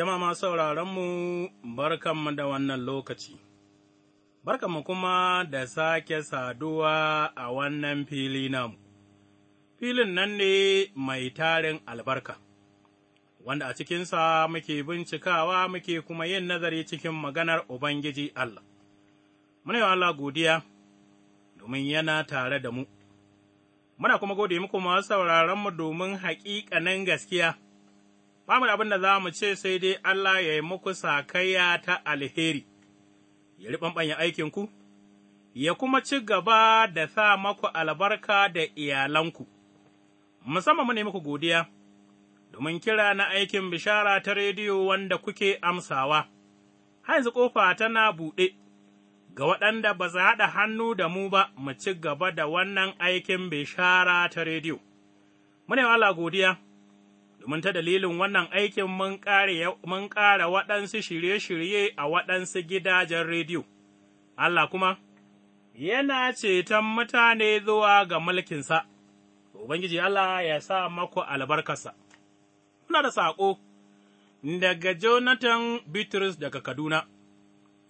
Jama'a sauraronmu, barkanmu da wannan lokaci, barkanmu kuma da sake saduwa a wannan fili namu, filin nan ne mai tarin albarka, wanda a cikinsa muke bincikawa muke kuma yin nazari cikin maganar Ubangiji Allah. Muna yi Allah godiya, domin yana tare da mu, muna kuma gode muku masu sauraronmu domin haƙiƙanin gaskiya. ba mu da abin da za mu ce sai dai Allah ya yi muku sakayya ta alheri, ya riɓanɓanya aikinku, ya kuma ci gaba da sa maku albarka da iyalanku, musamman mu ne muku godiya, domin kira na aikin bishara ta rediyo wanda kuke amsawa, har ƙofa tana buɗe. ga waɗanda ba za haɗa hannu da mu ba mu ci gaba da wannan aikin bishara ta rediyo. Mune Allah godiya. domin ta dalilin wannan aikin mun ƙara waɗansu shirye-shirye a waɗansu gidajen rediyo, Allah kuma yana ceton mutane zuwa ga mulkinsa, Ubangiji Allah ya sa maku albarkarsa. Muna da saƙo daga Jonathan Bitrus daga Kaduna,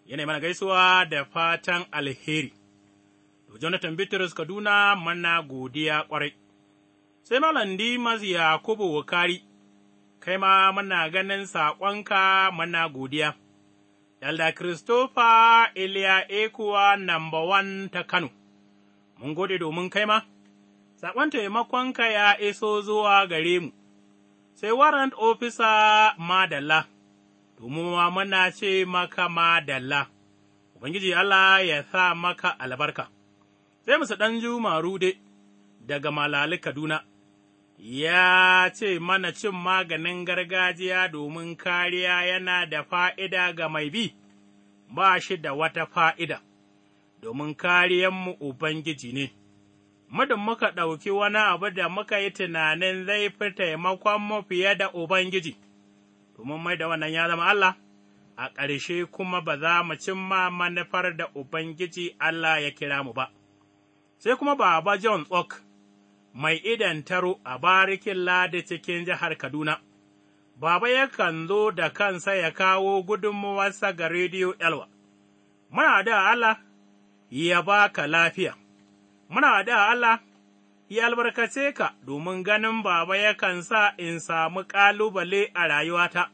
yana mana gaisuwa da fatan alheri. To, Jonathan Bitrus Kaduna mana godiya ƙwarai. sai Malam Dimas Yakubu Wukari, kai ma muna ganin saƙonka mana godiya. Yalda Christopher Iliya Ekuwa namba wan ta Kano, mun gode domin kai ma, saƙon taimakonka ya iso zuwa gare mu, sai warrant ofisa madalla, domin ma muna ce maka madalla, Ubangiji Allah ya sa maka albarka. Sai musu ɗan rude daga Malali Kaduna. ya ce mana cin maganin gargajiya domin kariya yana da fa'ida ga mai bi, ba shi da wata fa'ida, domin kariyanmu Ubangiji ne. Muddin muka ɗauki wani abu da muka yi tunanin zai fi taimakon mu fiye da Ubangiji, domin mai da wannan ya zama Allah, a ƙarshe kuma ba za mu cin ma manufar da Ubangiji Allah ya kira mu ba. Sai kuma Baba John Oak. mai idan taro a barikin ladi cikin jihar Kaduna, Baba yakan zo da kansa ya kawo gudunmawarsa ga Rediyo Elwa, muna da Allah ya baka lafiya, muna da Allah ya albarkace ka domin ganin Baba yakan sa in samu ƙalubale a rayuwata,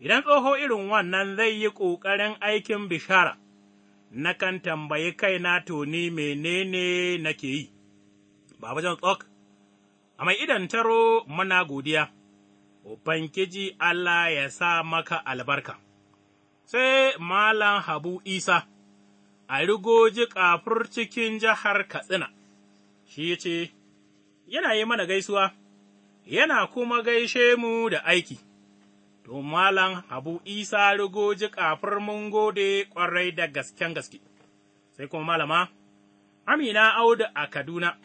idan tsoho irin wannan zai yi ƙoƙarin aikin bishara, nakan tambayi kaina to ni menene nake yi. Baba John Tsok, a mai idan taro mana godiya, Ubangiji Allah ya sa maka albarka. Sai Malam Habu Isa, a rigoji kafur cikin jihar Katsina, shi ce, Yana yi mana gaisuwa, yana kuma gaishe mu da aiki. To, Malam Habu Isa rigoji kafur mun gode ƙwarai da gasken gaske, sai kuma Malama, Amina Audu a Kaduna.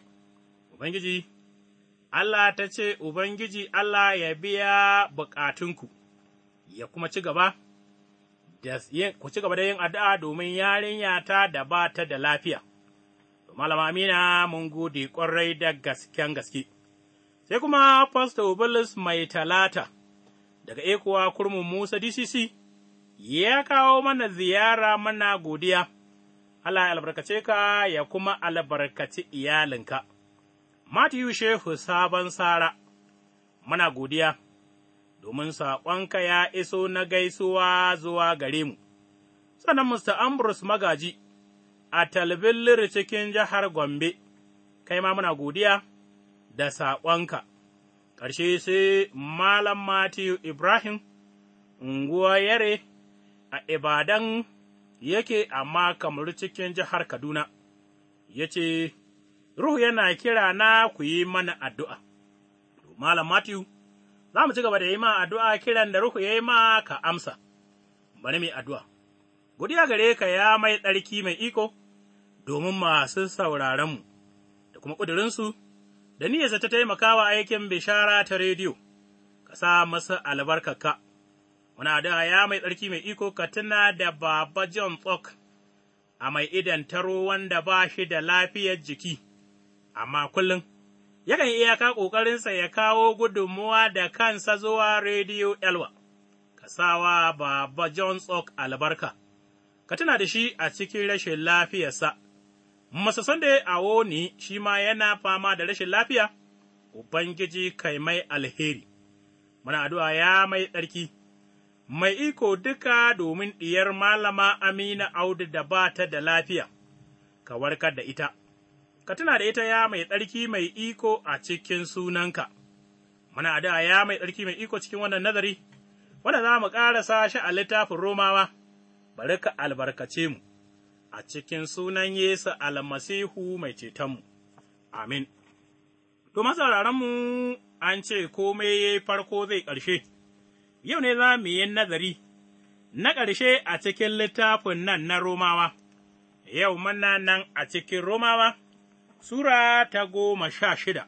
Ubangiji, Allah ta ce, Ubangiji Allah ya biya bukatunku, ya kuma ci gaba, ku ci gaba da yin addu'a domin yarinya ta da ba ta da lafiya. Malama Amina mun gode ƙwarai da gasken gaske. Sai kuma Pastor Bulus mai talata daga Ekuwa kurmin Musa DCC ya kawo mana ziyara mana godiya, Allah ya albarkace ka ya kuma albarkaci iyalinka. Matiyu Shehu Sabon Sara, muna godiya, domin saƙonka ya iso na gaisuwa zuwa gare mu, sannan Mr. Ambrose Magaji a Talbillir cikin jihar Gombe, kai ma muna godiya da saƙonka. Ƙarshe sai Malam Matiyu Ibrahim, unguwa yare a Ibadan yake amma kamar cikin jihar Kaduna, ya ce, Ruhu yana kira na ku yi mana addu'a. Malam Matthew, za mu ci gaba da yi ma addu'a kiran da Ruhu ya yi ma ka amsa, bari mai addu'a. Godiya gare ka ya mai tsarki mai iko, domin masu sauraronmu, da kuma ƙudurinsu, da niyyarsa ta taimaka wa aikin bishara ta rediyo, ka sa masa albarkaka. Wani addu'a ya mai tsarki mai iko ka tuna da Baba John Tsok a mai idan taro wanda ba shi da lafiyar jiki. amma kullum yakan iyaka ƙoƙarinsa ya kawo gudunmuwa da kansa zuwa Rediyo Elwa, kasawa Baba John Tsok albarka, ka tuna da shi a cikin rashin lafiyarsa. Masasan da a woni shi ma yana fama da rashin lafiya, Ubangiji kai mai alheri, muna addu'a ya mai tsarki, mai iko duka domin ɗiyar Malama Amina Audu da ba ta da lafiya, ka warkar da ita. ka tuna da ita ya mai tsarki mai iko a cikin sunanka. Muna da ya mai tsarki mai iko cikin wannan nazari, wanda za mu ƙarasa shi a littafin Romawa, bari ka albarkace mu a cikin sunan Yesu almasihu mai cetonmu. Amin. To, mu an ce komai ya farko zai ƙarshe, yau ne za mu yi nazari na ƙarshe a cikin littafin nan na Romawa, yau muna nan a cikin Romawa. Sura ta goma sha shida,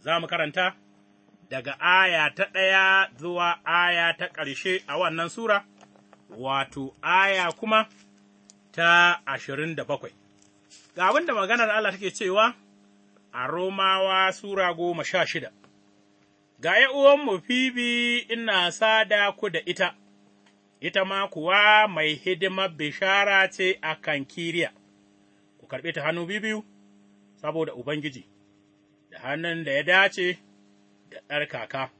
za mu karanta daga aya ta ɗaya zuwa aya ta ƙarshe a wannan Sura, wato aya kuma ta ashirin da bakwai. Ga abin da maganar Allah take cewa a Romawa Sura goma sha shida, ga uwanmu Fibi ina sada ku da ita, ita ma kuwa mai hidimar bishara ce a kan Kiriya, ku karɓi ta hannu biyu. saboda Ubangiji, da hannun da ya dace da tsarkaka,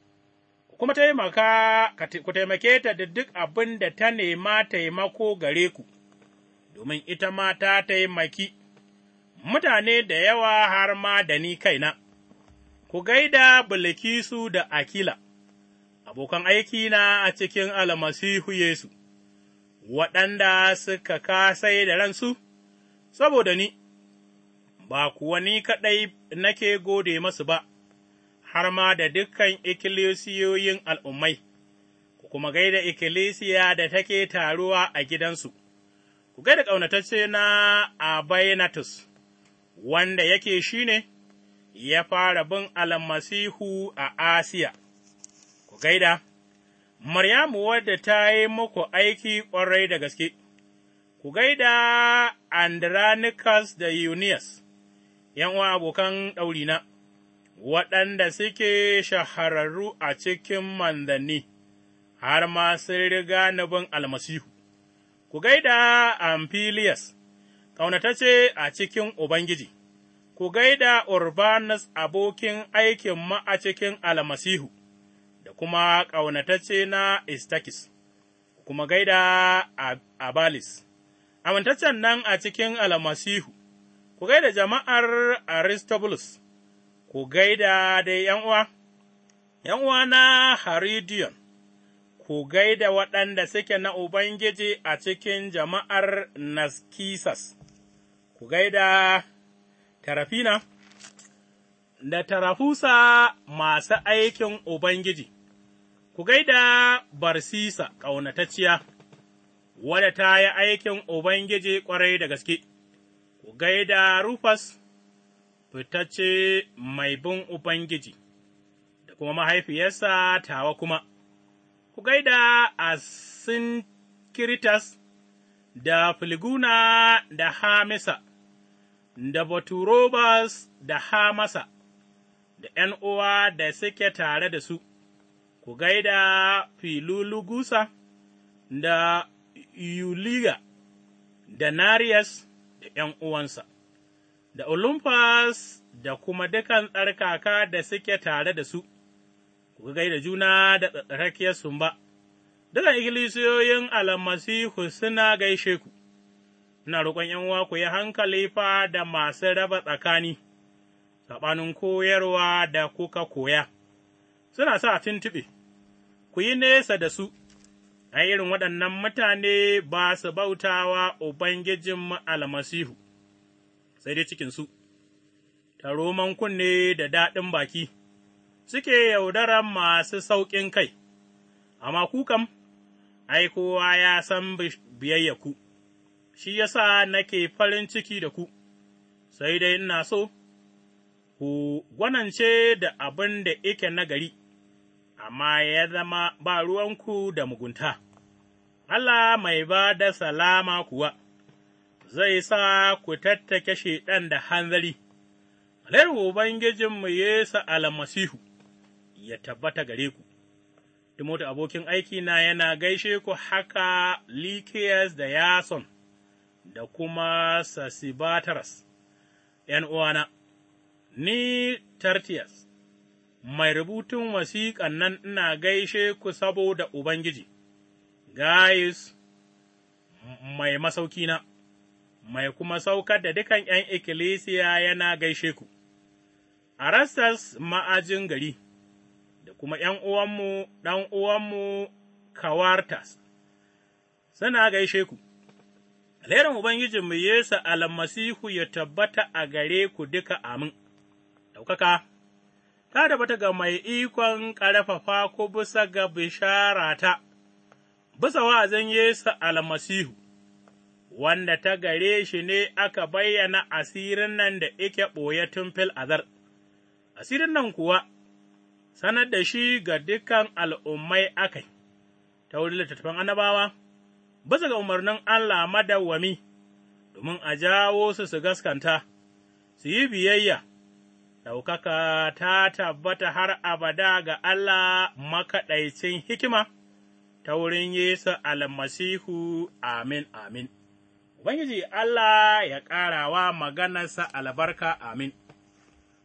kuma taimaka ku taimake ta da duk abin da ta nema taimako gare ku, domin ita ma ta taimaki mutane da yawa har ma da ni kaina, ku gaida Bilkisu da Akila, abokan aiki na a cikin almasihu Yesu, waɗanda suka kasai da ransu, saboda ni. ba kuwa ni kaɗai nake gode masu ba, har ma da dukkan ikkilisiyoyin al'ummai, ku kuma gaida ikkilisiya da take taruwa a gidansu, ku gaida ƙaunatacce na Abainatus, wanda yake shi ne, ya fara bin almasihu a Asiya, ku gaida, Maryamu wadda ta yi muku aiki ƙwarai da gaske. ku gaida Andranikas da Yuniyas. uwa abokan ɗaurina, waɗanda suke shahararru a cikin manzanni, har ma sun riga nabin almasihu, ku gaida Amphilius, ƙaunatace a cikin Ubangiji, ku gaida Urbanus abokin aikin ma a cikin almasihu, da kuma ƙaunatace na Istakis, kuma gaida Abalis, amintaccen nan a cikin almasihu. ku gaida jama'ar Aristobulus, ku gaida da ’yan'uwa, ’yan'uwa na Haridion, ku gaida waɗanda suke na Ubangiji a cikin jama'ar Naskisas, ku gaida Tarafina da Tarahusa masu aikin Ubangiji, ku gaida Barsisa ƙaunatacciya, wadda ta yi aikin Ubangiji ƙwarai da gaske. ku gaida Rufas, fitacce mai bin Ubangiji, da kuma mahaifiyarsa tawa kuma, ku gaida Asinkiritas da Filiguna da Hamisa, da Baturobas da Hamasa, da ’yan uwa da suke tare da su, ku gaida Filulugusa da Yuliga da Nariyas. da ’yan uwansa, da Olympus da kuma dukan tsarkaka da suke tare da su, ku da juna da tsarkakiyar ba dukan ikilisiyoyin almasihu suna gaishe ku, ina roƙon ’yan ku yi hankali fa da masu raba tsakani, saɓanin koyarwa da kuka koya, suna sa tuntuɓe, ku yi nesa da su. a irin waɗannan mutane ba su bautawa Ubangijin almasihu, sai dai cikinsu, ta roman kunne da daɗin baki, suke yaudarar masu sauƙin kai, amma kukan. kam, ai, kowa ya san biyayya ku, shi yasa nake farin ciki da ku, sai dai ina so, ku gwanance da abin da ike nagari. amma ya zama ba ruwanku da mugunta. Allah mai ba da salama kuwa, zai sa ku tattake Shaiɗan da hanzari, Alayar Ubangijinmu Yesu almasihu ya tabbata gare ku, Timoti abokin aikina yana gaishe ku haka Likiyas da Yason da kuma Sasibataras, ’yan uwana, ni Tartiyas, mai rubutun wasiƙan nan ina gaishe ku saboda Ubangiji. Gayus, mai masauki na. mai kuma saukar da dukan ’yan Ikilisiya yana gaishe ku, Arastas ma'ajin gari, da kuma ’yan uwanmu, ɗan uwanmu Kawartas, suna gaishe ku. Alherin Ubangijinmu Yesu almasihu ya tabbata a gare ku duka amin, ɗaukaka, ta tabbata ga mai ikon ƙarfafa ku bisa ga bisharata. bisa wa'azin Yesu almasihu, wanda ta gare shi ne aka bayyana asirin nan da ike ɓoye tun fil azar, asirin nan kuwa sanar da shi ga dukan al'ummai aka ta wurin littattafan annabawa, bisa ga umarnin Allah madawwami, domin a jawo su su gaskanta, su yi biyayya. ɗaukaka ta tabbata har abada ga Allah makaɗaicin hikima ta wurin Yesu almasihu, amin, amin. Ubangiji Allah ya ƙarawa maganarsa albarka, amin.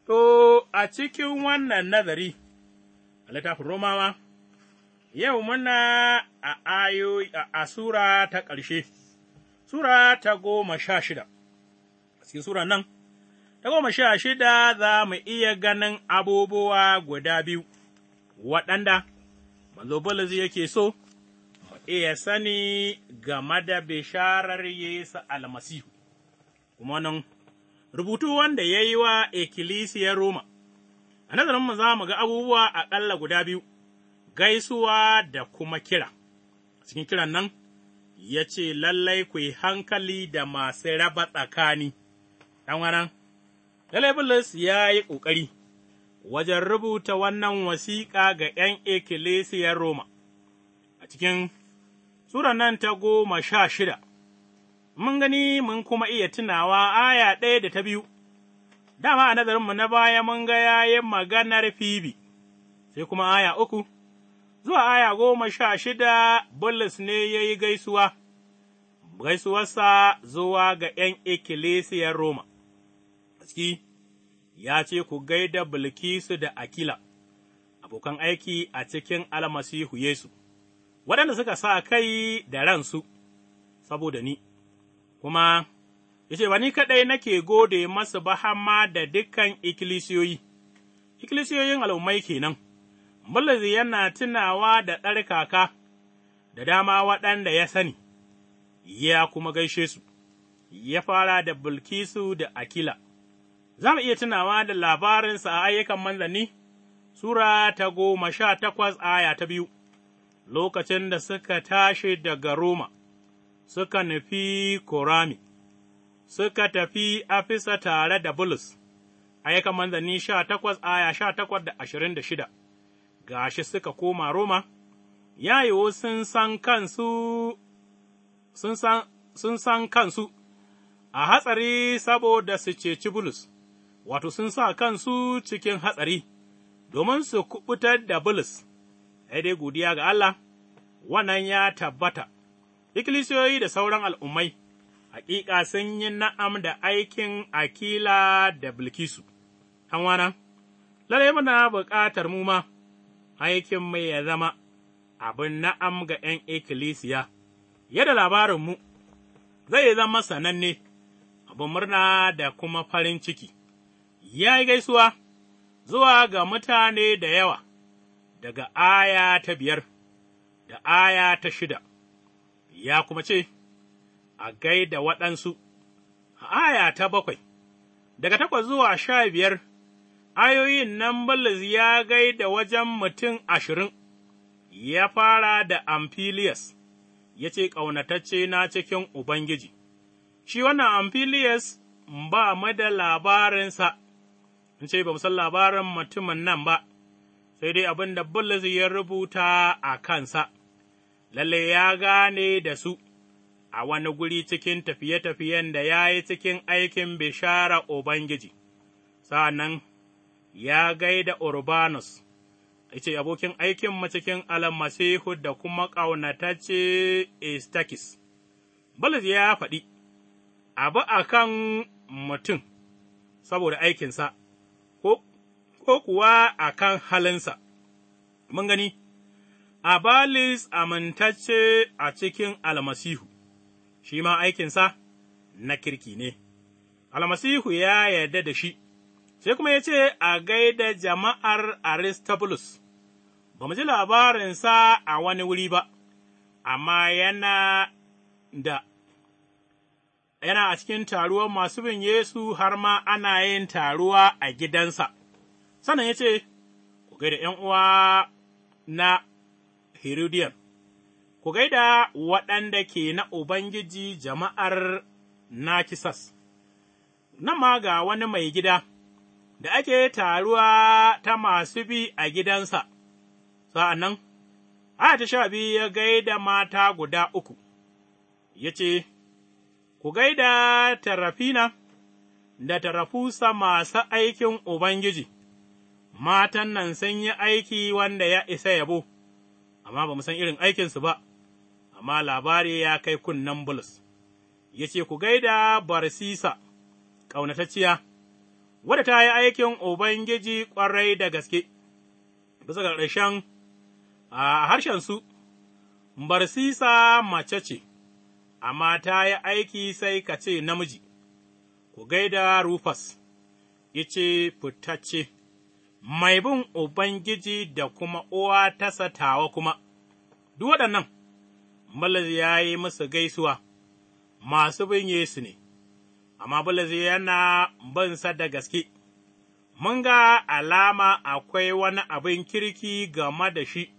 To, a cikin wannan nazari, a littafin Romawa, yau muna a ayo a Sura ta ƙarshe, Sura ta goma sha shida, a cikin Sura nan, ta goma sha shida za mu iya ganin abubuwa guda biyu, waɗanda manzo Bulus yake so ya sani game da bisharar Yesu almasihu, kuma nan rubutu wanda ya yi wa ikkilisiyar Roma, a mu za mu ga abubuwa aƙalla guda biyu, gaisuwa da kuma kira. Cikin kiran nan, ya ce lallai ku yi hankali da masu raba tsakani, ɗan wannan, lallai ya yi ƙoƙari wajen rubuta wannan wasiƙa ga ’yan ikkilisiyar Roma. A cikin Sura nan ta goma sha shida, mun gani mun kuma iya tunawa aya ɗaya da ta biyu, dama a nazarinmu na baya mun ga yi maganar Fibi, sai kuma aya uku, zuwa aya goma sha shida Bulus ne ya yi gaisuwa, gaisuwarsa zuwa ga ’yan ikkilisiyar Roma, aski ya ce ku gaida Bilkisu da Akila, abokan aiki a cikin almasihu Yesu. waɗanda suka sa kai da ransu saboda ni, kuma ya ce, Wani kaɗai nake gode masu bahama da dukan ikkilisiyoyi, ikkilisiyoyin al'ummai kenan, Bulus yana tunawa da ɗarkaka da dama waɗanda ya sani, ya kuma gaishe su, ya fara da Bulkisu da Akila. Za mu iya tunawa da labarinsa a ayyukan manzanni, Sura ta goma sha takwas aya ta biyu. lokacin da suka tashi daga Roma, suka nufi Korami, suka tafi Afisa tare da Bulus, ayyukan manzanni sha takwas aya sha takwas da ashirin da shida, gashi suka koma Roma, ya yiwu sun san kansu, sun san, sun san kansu a hatsari saboda su ceci Bulus, wato sun sa kansu cikin hatsari, domin su kubutar da Bulus. sai dai godiya ga Allah, wannan ya tabbata, ikilisiyoyi da sauran al'ummai, hakika sun yi na'am da aikin Akila da Bilkisu, wana, lalai muna buƙatar mu ma, aikin mai ya zama abin na'am ga ’yan ikilisiya. yadda labarinmu zai zama sananne, abin murna da kuma farin ciki, ya yi gaisuwa zuwa ga mutane da yawa. daga aya ta biyar da aya ta shida, ya kuma ce, A gaida waɗansu, a aya ta bakwai, daga takwas zuwa sha biyar, ayoyin nan Bulus ya gaida wajen mutum ashirin, ya fara da Amphilius, ya ce, Ƙaunatacce na cikin Ubangiji, shi wannan Amphilius ba mu da labarinsa, in ce, ba mu san labarin mutumin nan ba. sai dai abin da Bulus ya rubuta a kansa, lalle ya gane da su a wani guri cikin tafiye-tafiyen da ya yi cikin aikin bishara Ubangiji, sa'an ya gaida Urbanus, ce abokin aikinmu cikin almasihu da kuma ƙaunatacce Estakis. Bulus ya faɗi, abu a kan mutum saboda aikinsa. ko kuwa a kan halinsa. Mun gani, Abalis amintacce a cikin almasihu, shi ma aikinsa na kirki ne, almasihu ya yarda da shi, sai kuma ya ce a gaida jama'ar Aristobulus, ba mu ji labarinsa a wani wuri ba, amma yana da yana a cikin taruwar masu bin Yesu har ma ana yin taruwa a gidansa. sannan ya ce, Ku gaida ’yan uwa na Herodiyan, ku gaida waɗanda ke na Ubangiji jama'ar Nakisas, nan ma ga wani mai gida da ake taruwa ta masu bi a gidansa, sa'an nan, ta sha biyu ya gaida mata guda uku, ya ce, Ku gaida tarafina da tarafusa masu aikin Ubangiji. matan nan sun yi aiki wanda ya isa yabo, amma ba san irin aikinsu ba, amma labari ya kai kunnen Bulus, ya ce ku gaida Barsisa, ƙaunatacciya, wadda ta yi aikin Ubangiji ƙwarai da gaske, bisa ga ƙarshen a harshensu, Barsisa mace ce, amma ta yi aiki sai ka ce namiji, ku gaida Rufus, ya ce fitacce. mai bin Ubangiji da kuma uwa ta satawa kuma, duk waɗannan, Bulus ya yi musu gaisuwa, masu bin Yesu ne, amma Bulus yana sa da gaske, mun ga alama akwai wani abin kirki game da shi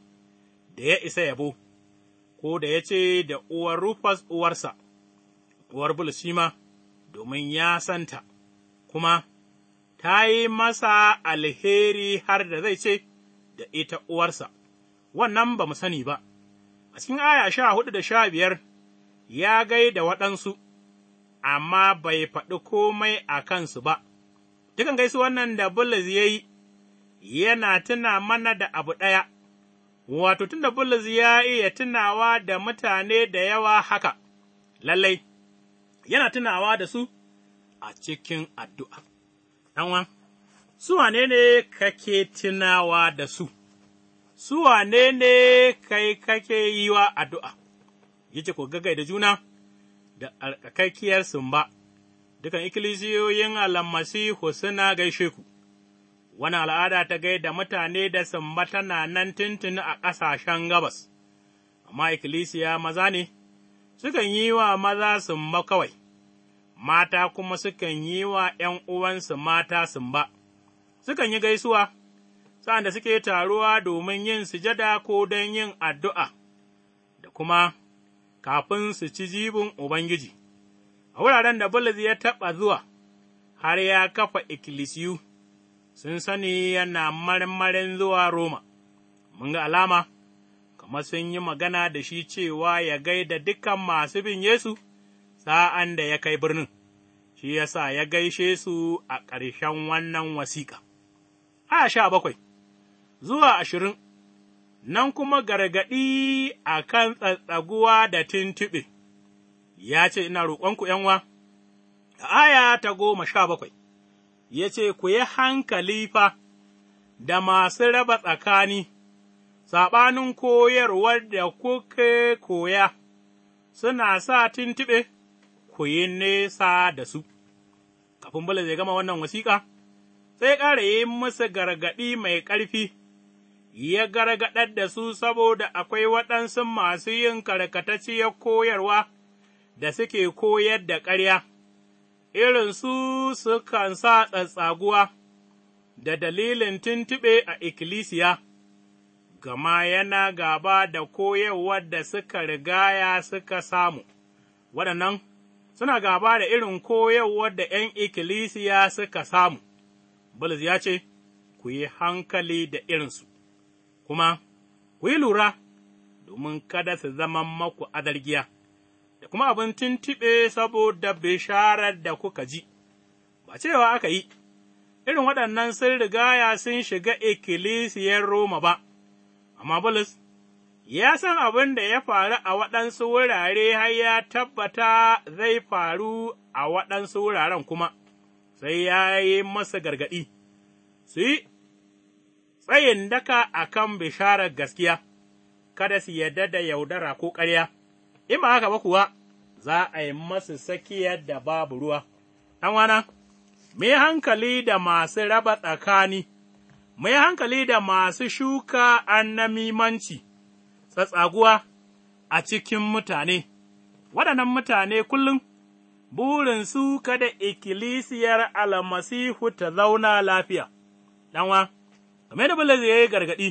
da ya isa yabo, ko da ya ce da uwar Rufus uwarsa, uwar Bulus shi ma, domin ya santa, kuma ta yi masa alheri har da zai ce da ita uwarsa, wannan ba mu sani ba. A cikin aya sha hudu da sha biyar ya gai da waɗansu, amma bai faɗi komai a kansu ba, dukan gaisu wannan da Bulus ya yi, yana tuna mana da abu ɗaya, wato tunda Bulus ya iya tunawa da mutane da yawa haka, lallai, yana tunawa da su a cikin addu'a. ɗanwa, su wane ne kake tunawa da su, su wane ne kai kake yi wa addu'a, yace ku gagai da juna da alƙakakkiyar sumba, dukan ikkilisiyoyin almasihu suna gaishe ku, wani al'ada ta gai da mutane da sumba tana nan tuntun a ƙasashen gabas, amma ikilisiya maza ne, sukan yi wa maza sumba kawai. mata kuma sukan yi wa ’yan uwansu mata sumba, sukan yi gaisuwa, sa'an da suke taruwa domin yin sujada ko don yin addu'a, da kuma kafin su ci jibin Ubangiji, a wuraren da Bulus ya taɓa zuwa, har ya kafa Ikilisiyu, sun sani yana marmarin zuwa Roma, mun ga alama, kamar sun yi magana da shi cewa ya gaida dukan masu bin Yesu. sa'an da ya kai birnin, shi ya sa ya gaishe su a ƙarshen wannan wasiƙa. A sha bakwai zuwa ashirin, nan kuma gargaɗi a kan tsatsaguwa da tintiɓe ya ce, Ina roƙonku ’yanwa, a aya ta goma sha bakwai, ya ce, Ku yi hankali fa da masu raba tsakani, saɓanin koyarwar da kuke koya, suna sa tintiɓe ku yi nesa da su. Kafin Bulus ya gama wannan wasiƙa, sai ƙara yi masa gargaɗi mai ƙarfi, ya gargaɗar da su saboda akwai waɗansu masu yin karkatacciyar koyarwa da suke koyar da ƙarya, irin su sukan sa tsatsaguwa da dalilin tuntuɓe a ikkilisiya. gama yana gaba da koyarwar da suka rigaya suka samu, waɗannan suna gaba da irin koyarwar da ’yan ikkilisiya suka samu, Bulus ya ce, Ku yi hankali da irinsu, kuma ku yi lura domin kada su zama maku adargiya, da kuma abin tuntuɓe saboda bisharar da kuka ji, ba cewa aka yi, irin waɗannan sun rigaya sun shiga ikkilisiyar Roma ba, amma Bulus ya san abin da ya faru a waɗansu wurare har ya tabbata zai faru a waɗansu wuraren kuma, sai ya yi masa gargaɗi, su yi tsayin daka a kan bisharar gaskiya, kada su yarda da yaudara ko ƙarya, in ba haka ba kuwa za a yi masu sakiyar da babu ruwa. Ɗanwana mu hankali da masu raba tsakani, mu hankali da masu shuka annamimanci. tsatsaguwa a cikin mutane, waɗannan mutane kullum su kada ikkilisiyar almasihu ta zauna lafiya, ɗanwa, game da Bulus ya yi gargaɗi,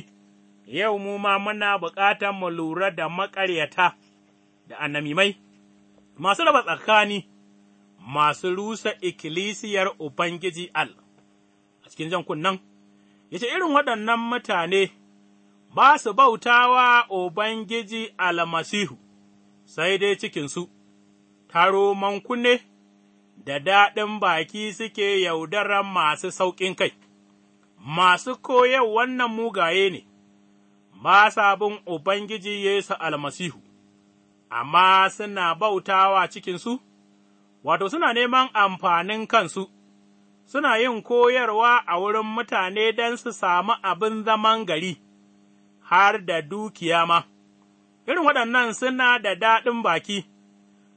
yau mu ma muna buƙatar mu lura da maƙaryata da annamimai, masu raba tsakani, masu rusa ikkilisiyar Ubangiji Allah. A cikin jan kunnen, ya ce irin waɗannan mutane. ba su bautawa Ubangiji almasihu, sai dai cikinsu, taro kunne, da daɗin baki suke yaudaran masu sauƙin kai, masu koyar wannan mugaye ne, ba sabon Ubangiji Yesu almasihu, amma suna bautawa cikinsu, wato suna neman amfanin kansu. suna yin koyarwa a wurin mutane don su samu abin zaman gari, har da dukiya ma, irin waɗannan suna da daɗin baki,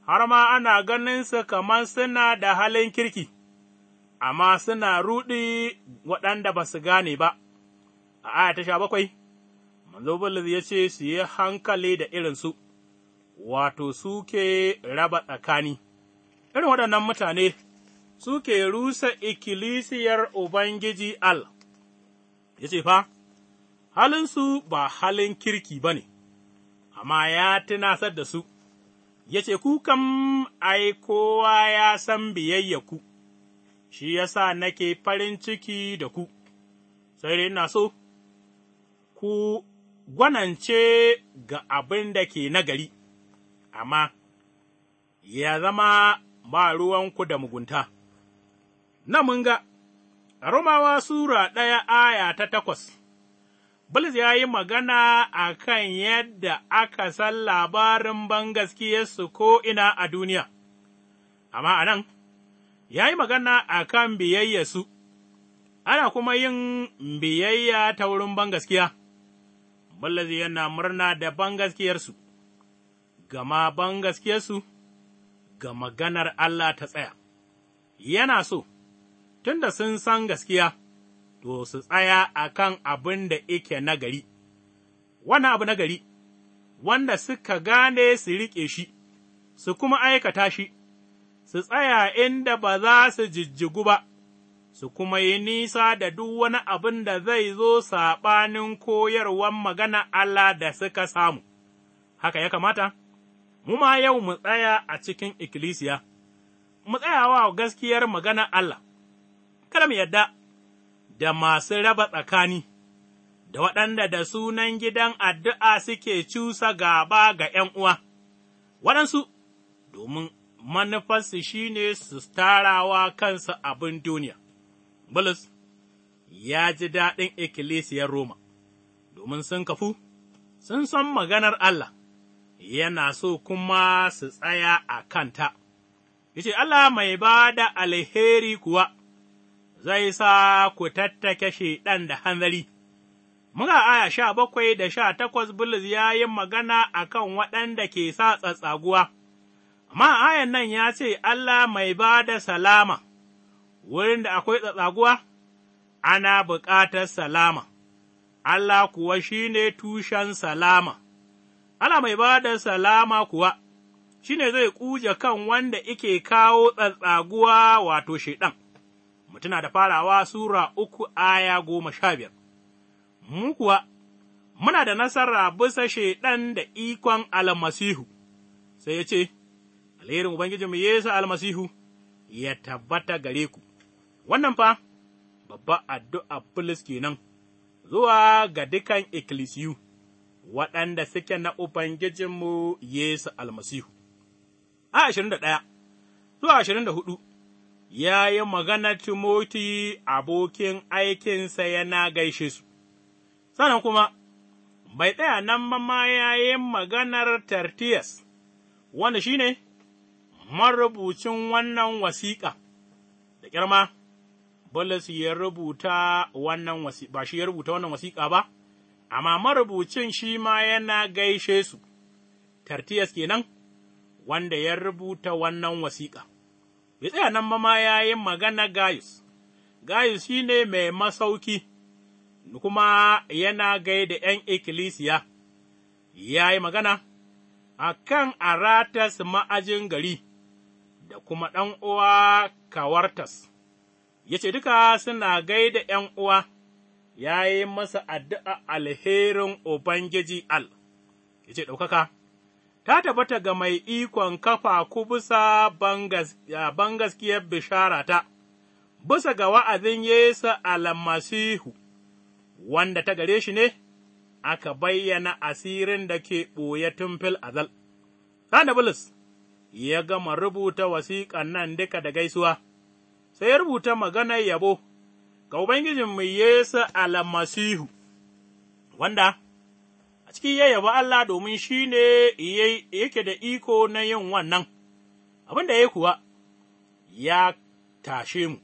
har ma ana ganin su kamar suna da halin kirki, amma suna ruɗi waɗanda ba su gane ba. A aya ta sha bakwai, manzo Bulus ya ce su yi hankali da irinsu, wato suke raba tsakani, irin waɗannan mutane suke rusa ikkilisiyar Ubangiji Allah, ya ce fa, halinsu ba halin kirki ba ne, amma ya tunasar da su, ya ce, Ku kam ai kowa ya san biyayyaku shi ya sa nake farin ciki da ku, sai dai ina so, ku gwanance ga abin da ke nagari, amma ya zama ba ruwanku da mugunta. Na mun ga, Romawa Sura ɗaya aya ta takwas. Bulus ya yi magana a kan yadda aka san labarin bangaskiyarsu ko'ina a duniya, amma a nan, ya yi magana a kan biyayyarsu, ana kuma yin biyayya ta wurin bangaskiya, Bulus yana murna da bangaskiyarsu, gama bangaskiyarsu ga maganar Allah ta tsaya, yana so, tunda sun san gaskiya. to su tsaya a kan abin da ike nagari, wannan abu nagari, wanda suka gane su riƙe shi, su kuma aikata shi, su tsaya inda ba za su jijjigu ba, su kuma yi nisa da duk wani abin da zai zo saɓanin koyarwar magana Allah da suka samu, haka ya kamata, mu ma yau mu tsaya a cikin ikkilisiya, mu tsaya wa gaskiyar magana Allah, kada mu yadda. da masu raba tsakani, da waɗanda da sunan gidan addu'a suke cusa gaba ga ’yan uwa, waɗansu domin manufarsu shi ne su tarawa kansu abin duniya. Bulus ya ji daɗin ikkilisiyar Roma, domin sun kafu, sun san maganar Allah, yana so kuma su tsaya a kanta. Yace Allah mai ba da alheri kuwa, zai sa ku tattake Shaiɗan da hanzari. Muga aya sha bakwai da sha takwas Bulus ya yi magana a kan waɗanda ke sa tsatsaguwa, amma ayan nan ya ce Allah mai ba da salama, wurin da akwai tsatsaguwa, ana buƙatar salama, Allah kuwa shi ne tushen salama, Allah mai ba da salama kuwa. Shi ne zai ƙuje kan wanda ike kawo tsatsaguwa wato Shaiɗan. mutuna da farawa Sura uku aya goma sha biyar, mu kuwa muna da nasara bisa shaiɗan da ikon almasihu, sai ya ce, Alherin Ubangijinmu Yesu almasihu ya tabbata gare ku, wannan fa babba addu'a Bulus kenan zuwa ga dukan ikkilisiyu waɗanda suke na Ubangijinmu Yesu almasihu. A ashirin da ɗaya zuwa ashirin da hudu ya yi magana Timoti abokin aikinsa yana gaishe su, sannan kuma bai tsaya nan ba ma ya yi maganar Tertius, wanda shi ne marubucin wannan wasiƙa, da ƙirma, Bulus ya rubuta wannan wasiƙa, ba shi ya rubuta wannan wasiƙa ba, amma marubucin shi ma yana gaishe su, Tertius kenan, wanda ya rubuta wannan wasiƙa. bai tsaya nan ma ya yi magana Gayus, Gayus shi ne mai masauki, kuma yana gaida ’yan ikkilisiya, ya yi magana a kan Aratas ma'ajin gari da kuma ɗan uwa Kawartas, ya ce duka suna gaida ’yan uwa, ya yi masa addu'a alherin Ubangiji Al, ya ce ɗaukaka. ta tabbata ga mai ikon kafa ku bisa bangaskiyar ta. bisa ga wa'azin Yesu almasihu, wanda ta gare shi ne, aka bayyana asirin da ke ɓoye tun fil azal. Sanda Bulus ya gama rubuta wasiƙan nan duka da gaisuwa, sai ya rubuta maganar yabo ga Ubangijinmu Yesu almasihu, wanda ciki ya yaba Allah domin shi ne yake da iko na yin wannan, abin da ya kuwa ya tashe mu,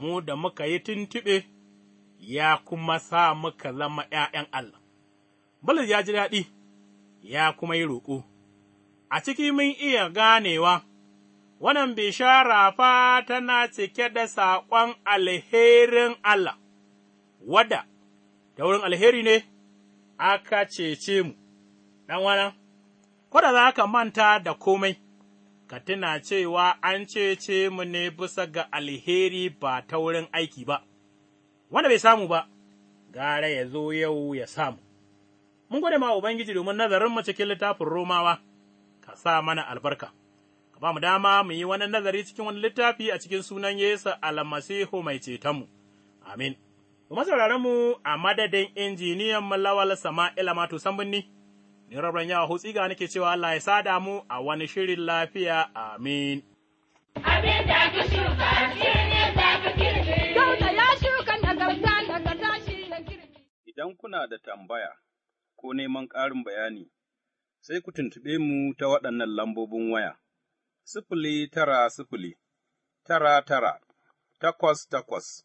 mu da muka yi tuntuɓe, ya kuma sa muka zama ’ya'yan Allah. Bulus ya ji daɗi, ya kuma yi roƙo, a ciki mun iya ganewa, wannan bishara fa tana cike da saƙon alherin Allah, wadda ta wurin alheri ne. aka cece mu, ɗan wana, kwada za ka manta da komai, ka tuna cewa an cece mu ne bisa ga alheri ba ta wurin aiki ba, wanda bai samu ba, gara ya zo yau ya samu. Mun gode ma Ubangiji domin nazarinmu cikin littafin Romawa, ka sa mana albarka. Ka ba mu dama mu yi wani nazari cikin wani littafi a cikin sunan Yesu almasihu mai cetonmu. Amin. mu a madadin injiniyan Lawal Sama'ila Mato Sambunni, ni rabin yawa hutsi ga nake cewa Allah ya sada mu a wani shirin lafiya amin. Abin da shuka, ne da da ya shuka nagarta, nagarta shi da Idan kuna da tambaya ko neman ƙarin bayani, sai ku tuntuɓe mu ta waɗannan lambobin waya, sifili tara sifili, tara tara, takwas takwas.